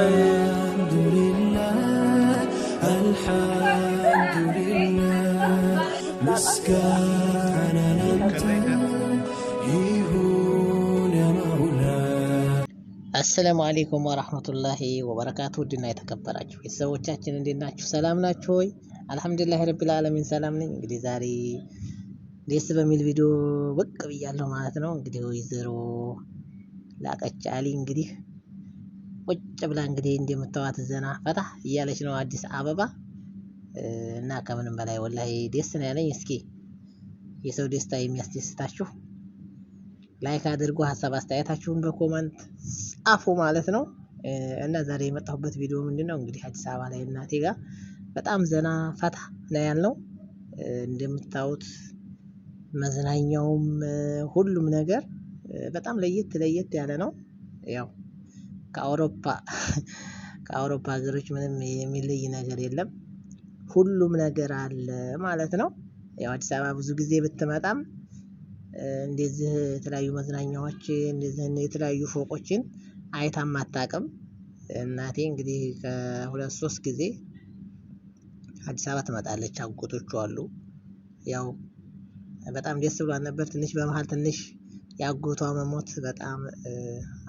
አልሐምዱሊላህ አሰላሙ አሌይኩም ወራህመቱላሂ ወበረካቱ። ውድና የተከበራችሁ ቤተሰቦቻችን እንዴት ናችሁ? ሰላም ናችሁ ሆይ? አልሐምዱሊላህ ረቢል ዓለሚን ሰላም ነኝ። እንግዲህ ዛሬ ደስ በሚል ቪዲዮ ብቅ ብያለሁ ማለት ነው። እንግዲህ ወይዘሮ ላቀች አሊ እንግዲህ ቁጭ ብላ እንግዲህ እንደምታዋት ዘና ፈታ እያለች ነው አዲስ አበባ እና ከምንም በላይ ወላሂ ደስ ነው ያለኝ። እስኪ የሰው ደስታ የሚያስደስታችሁ ላይክ አድርጉ፣ ሀሳብ አስተያየታችሁን በኮመንት ጻፉ ማለት ነው። እና ዛሬ የመጣሁበት ቪዲዮ ምንድን ነው እንግዲህ አዲስ አበባ ላይ እናቴ ጋር በጣም ዘና ፈታ ነው ያለው። እንደምታዩት መዝናኛውም ሁሉም ነገር በጣም ለየት ለየት ያለ ነው ያው ከአውሮፓ ከአውሮፓ ሀገሮች ምንም የሚለይ ነገር የለም። ሁሉም ነገር አለ ማለት ነው። ያው አዲስ አበባ ብዙ ጊዜ ብትመጣም እንደዚህ የተለያዩ መዝናኛዎችን እንደዚህ የተለያዩ ፎቆችን አይታም አታውቅም። እናቴ እንግዲህ ከሁለት ሶስት ጊዜ አዲስ አበባ ትመጣለች አጎቶቹ አሉ። ያው በጣም ደስ ብሏት ነበር ትንሽ በመሀል ትንሽ የአጎቷ መሞት በጣም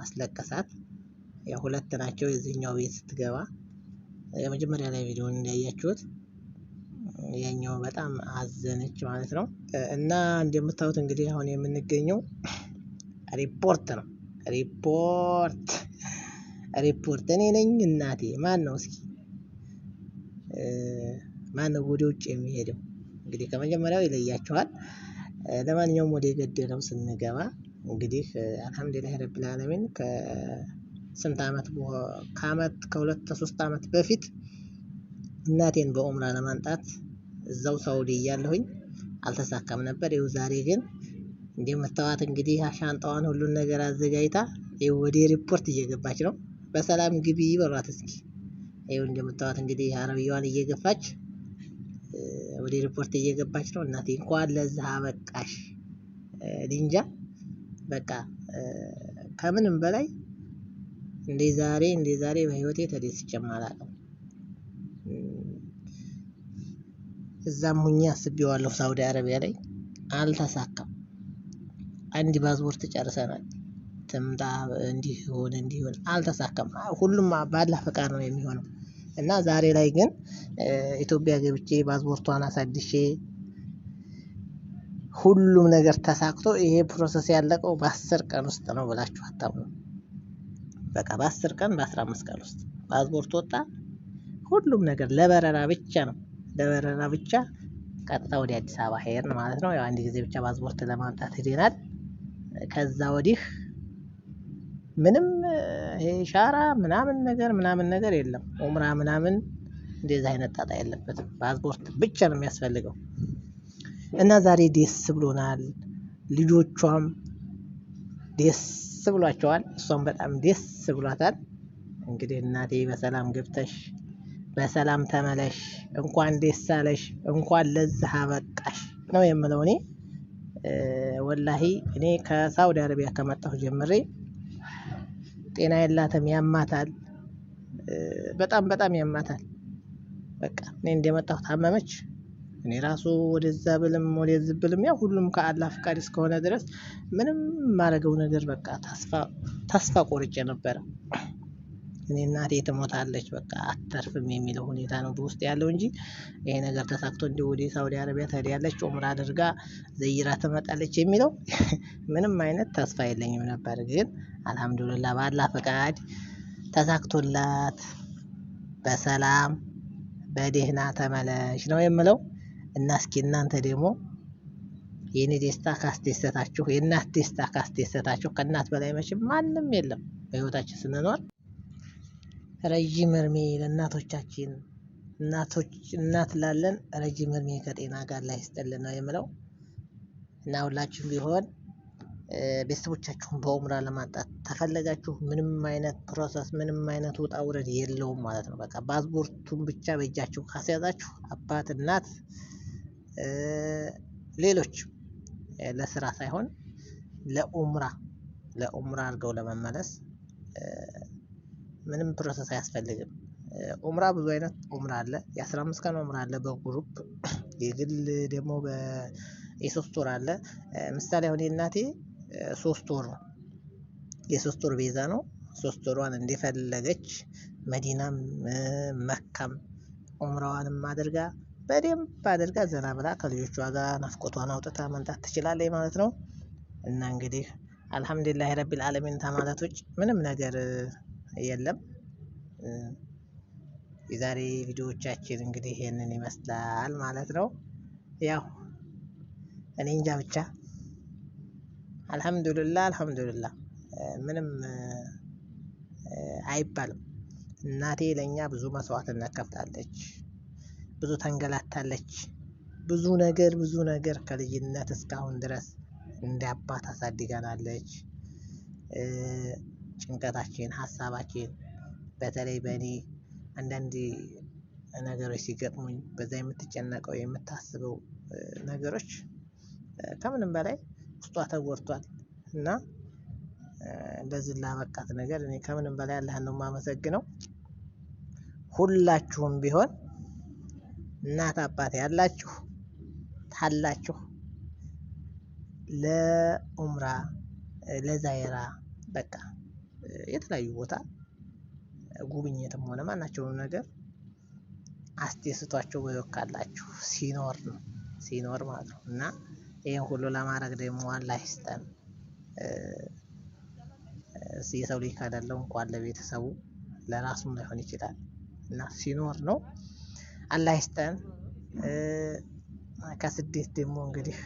አስለቀሳት ያው ሁለት ናቸው። የዚህኛው ቤት ስትገባ የመጀመሪያ ላይ ቪዲዮን እንዳያችሁት ያኛው በጣም አዘነች ማለት ነው። እና እንደምታዩት እንግዲህ አሁን የምንገኘው ሪፖርት ነው። ሪፖርት ሪፖርት እኔ ነኝ እናቴ። ማን ነው እስኪ ማን ነው ወደ ውጭ የሚሄደው? እንግዲህ ከመጀመሪያው ይለያችኋል። ለማንኛውም ወደ ገደለው ስንገባ እንግዲህ አልሐምዱሊላህ ረብል አለሚን? ስንት አመት ከአመት ከሁለት ከሶስት አመት በፊት እናቴን በኡምራ ለማንጣት እዛው ሳውዲ እያለሁኝ አልተሳካም ነበር። ይኸው ዛሬ ግን እንደምታዋት እንግዲህ ሻንጣዋን ሁሉን ነገር አዘጋጅታ ይኸው ወደ ሪፖርት እየገባች ነው። በሰላም ግቢ በሏት እስኪ። ይኸው እንደምታዋት እንግዲህ አረብያዋን እየገፋች ወደ ሪፖርት እየገባች ነው። እናቴ እንኳን ለዚህ አበቃሽ። ሊንጃ በቃ ከምንም በላይ እንዴ ዛሬ እንዴ ዛሬ በህይወቴ ተደስቼም አላውቅም። እዛም ሆኜ አስቤዋለሁ ሳውዲ አረቢያ ላይ አልተሳካም። አንድ ፓስፖርት ጨርሰናል። ትምጣ እንዲህ ይሁን እንዲህ ይሁን አልተሳካም። ሁሉም ባላ ፈቃድ ነው የሚሆነው። እና ዛሬ ላይ ግን ኢትዮጵያ ገብቼ ፓስፖርቷን አሳድሼ ሁሉም ነገር ተሳክቶ ይሄ ፕሮሰስ ያለቀው በአስር ቀን ውስጥ ነው ብላችሁ አታምኑ። በቃ በአስር ቀን በአስራ አምስት ቀን ውስጥ ፓስፖርት ወጣ። ሁሉም ነገር ለበረራ ብቻ ነው። ለበረራ ብቻ ቀጥታ ወደ አዲስ አበባ ሄድን ማለት ነው። ያው አንድ ጊዜ ብቻ ፓስፖርት ለማምጣት ሄደናል። ከዛ ወዲህ ምንም ሻራ ምናምን ነገር ምናምን ነገር የለም። ኡምራ ምናምን እንደዚህ አይነት ጣጣ የለበትም። ፓስፖርት ብቻ ነው የሚያስፈልገው። እና ዛሬ ደስ ብሎናል። ልጆቿም ደስ ብሏቸዋል። እሷም በጣም ደስ ብሏታል። እንግዲህ እናቴ በሰላም ገብተሽ በሰላም ተመለሽ፣ እንኳን ደስ አለሽ፣ እንኳን ለዚህ አበቃሽ ነው የምለው እኔ ወላሂ እኔ ከሳውዲ አረቢያ ከመጣሁ ጀምሬ ጤና የላትም፣ ያማታል፣ በጣም በጣም ያማታል። በቃ እኔ እንደመጣሁ ታመመች። እኔ ራሱ ወደዛ ብልም ወደዚህ ብልም ያው ሁሉም ከአላህ ፍቃድ እስከሆነ ድረስ ምንም የማደርገው ነገር በቃ ተስፋ ተስፋ ቆርጬ ነበረ። እኔ እናቴ ትሞታለች በቃ አተርፍም የሚለው ሁኔታ ነው በውስጥ ያለው እንጂ ይሄ ነገር ተሳክቶ እንደ ወደ ሳውዲ አረቢያ ትሄዳለች፣ ኦምራ አድርጋ ዘይራ ትመጣለች የሚለው ምንም አይነት ተስፋ የለኝም ነበር። ግን አልሐምዱሊላ በአላህ ፈቃድ ተሳክቶላት በሰላም በደህና ተመለሽ ነው የምለው። እና እስኪ እናንተ ደግሞ የእኔ ደስታ ካስደሰታችሁ፣ የእናት ደስታ ካስደሰታችሁ፣ ከእናት በላይ መቼም ማንም የለም በህይወታችን ስንኖር። ረዥም እድሜ ለእናቶቻችን፣ እናቶች እናት ላለን ረዥም እድሜ ከጤና ጋር ላይ ይስጥልን ነው የምለው እና ሁላችሁም ቢሆን ቤተሰቦቻችሁን በኡምራ ለማጣት ተፈለጋችሁ ምንም አይነት ፕሮሰስ ምንም አይነት ውጣ ውረድ የለውም ማለት ነው። በቃ ፓስፖርቱን ብቻ በእጃችሁ ካስያዛችሁ አባት እናት ሌሎች ለስራ ሳይሆን ለኡምራ ለኡምራ አድርገው ለመመለስ ምንም ፕሮሰስ አያስፈልግም። ኡምራ ብዙ አይነት ኡምራ አለ። የአስራ አምስት ቀን ኡምራ አለ፣ በግሩፕ የግል ደግሞ የሶስት ወር አለ። ምሳሌ አሁን እናቴ ሶስት ወር ነው የሶስት ወር ቤዛ ነው። ሶስት ወሯን እንደፈለገች መዲናም መካም ኡምራዋንም አድርጋ በደንብ አድርጋ ዘና ብላ ከልጆቿ ጋር ናፍቆቷን አውጥታ መምጣት ትችላለች ማለት ነው። እና እንግዲህ አልሐምዱሊላህ ረቢል ዓለሚን ከማለት ውጭ ምንም ነገር የለም። የዛሬ ቪዲዮዎቻችን እንግዲህ ይሄንን ይመስላል ማለት ነው። ያው እኔ እንጃ ብቻ አልሐምዱሊላህ አልሐምዱሊላህ ምንም አይባልም። እናቴ ለእኛ ብዙ መስዋዕትነት ከፍላለች። ብዙ ተንገላታለች። ብዙ ነገር ብዙ ነገር ከልጅነት እስካሁን ድረስ እንደ አባት አሳድጋናለች። ጭንቀታችን፣ ሀሳባችን በተለይ በእኔ አንዳንድ ነገሮች ሲገጥሙኝ በዛ የምትጨነቀው የምታስበው ነገሮች ከምንም በላይ ውስጧ ተጎድቷል እና እንደዚህ ላበቃት ነገር እኔ ከምንም በላይ አላህን ነው የማመሰግነው። ሁላችሁም ቢሆን እናት አባት ያላችሁ ታላችሁ ለኡምራ ለዛይራ በቃ የተለያዩ ቦታ ጉብኝትም ሆነ ማናቸውም ነገር አስደስቷቸው በወካላችሁ ሲኖር ነው ሲኖር ማለት ነው። እና ይህን ሁሉ ለማድረግ ደግሞ አላህ ይስጠን። የሰው ልጅ ካደለው እንኳን ለቤተሰቡ ለራሱም ላይሆን ይችላል እና ሲኖር ነው። አላይስተን ከስደት ደግሞ እንግዲህ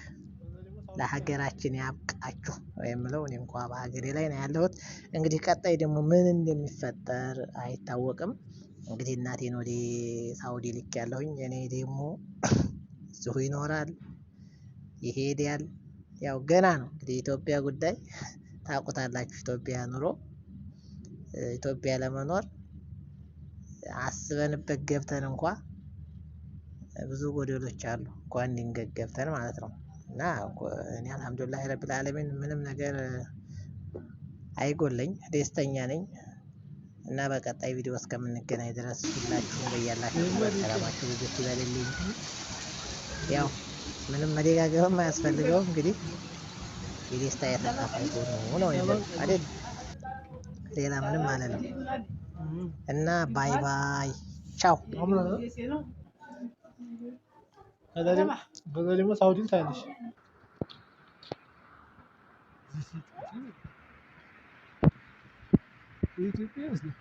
ለሀገራችን ያብቃችሁ የምለው እኔ እንኳ በሀገሬ ላይ ነው ያለሁት። እንግዲህ ቀጣይ ደግሞ ምን እንደሚፈጠር አይታወቅም። እንግዲህ እናቴን ወደ ሳውዲ ልክ ያለሁኝ እኔ ደግሞ እዚሁ ይኖራል ይሄዳል። ያው ገና ነው እንግዲህ የኢትዮጵያ ጉዳይ ታውቁታላችሁ። ኢትዮጵያ ኑሮ ኢትዮጵያ ለመኖር አስበንበት ገብተን እንኳ ብዙ ጎደሎች አሉ እንኳን ድንገት ገብተን ማለት ነው። እና እኔ አልሀምዱሊላህ ረቢል አለሚን ምንም ነገር አይጎለኝ ደስተኛ ነኝ። እና በቀጣይ ቪዲዮ እስከምንገናኝ ድረስ ሁላችሁም በያላችሁበት ሰላማችሁ ብዙ ይበልልኝ። ያው ምንም መደጋገብም አያስፈልገውም። እንግዲህ የደስታ የተካፋይ ነው ነው አይደል? ሌላ ምንም አለ ነው። እና ባይ ባይ ቻው። Galerimo, Galerimo Saudin saymış. Zisi tutayım İyi tutmuyor musun?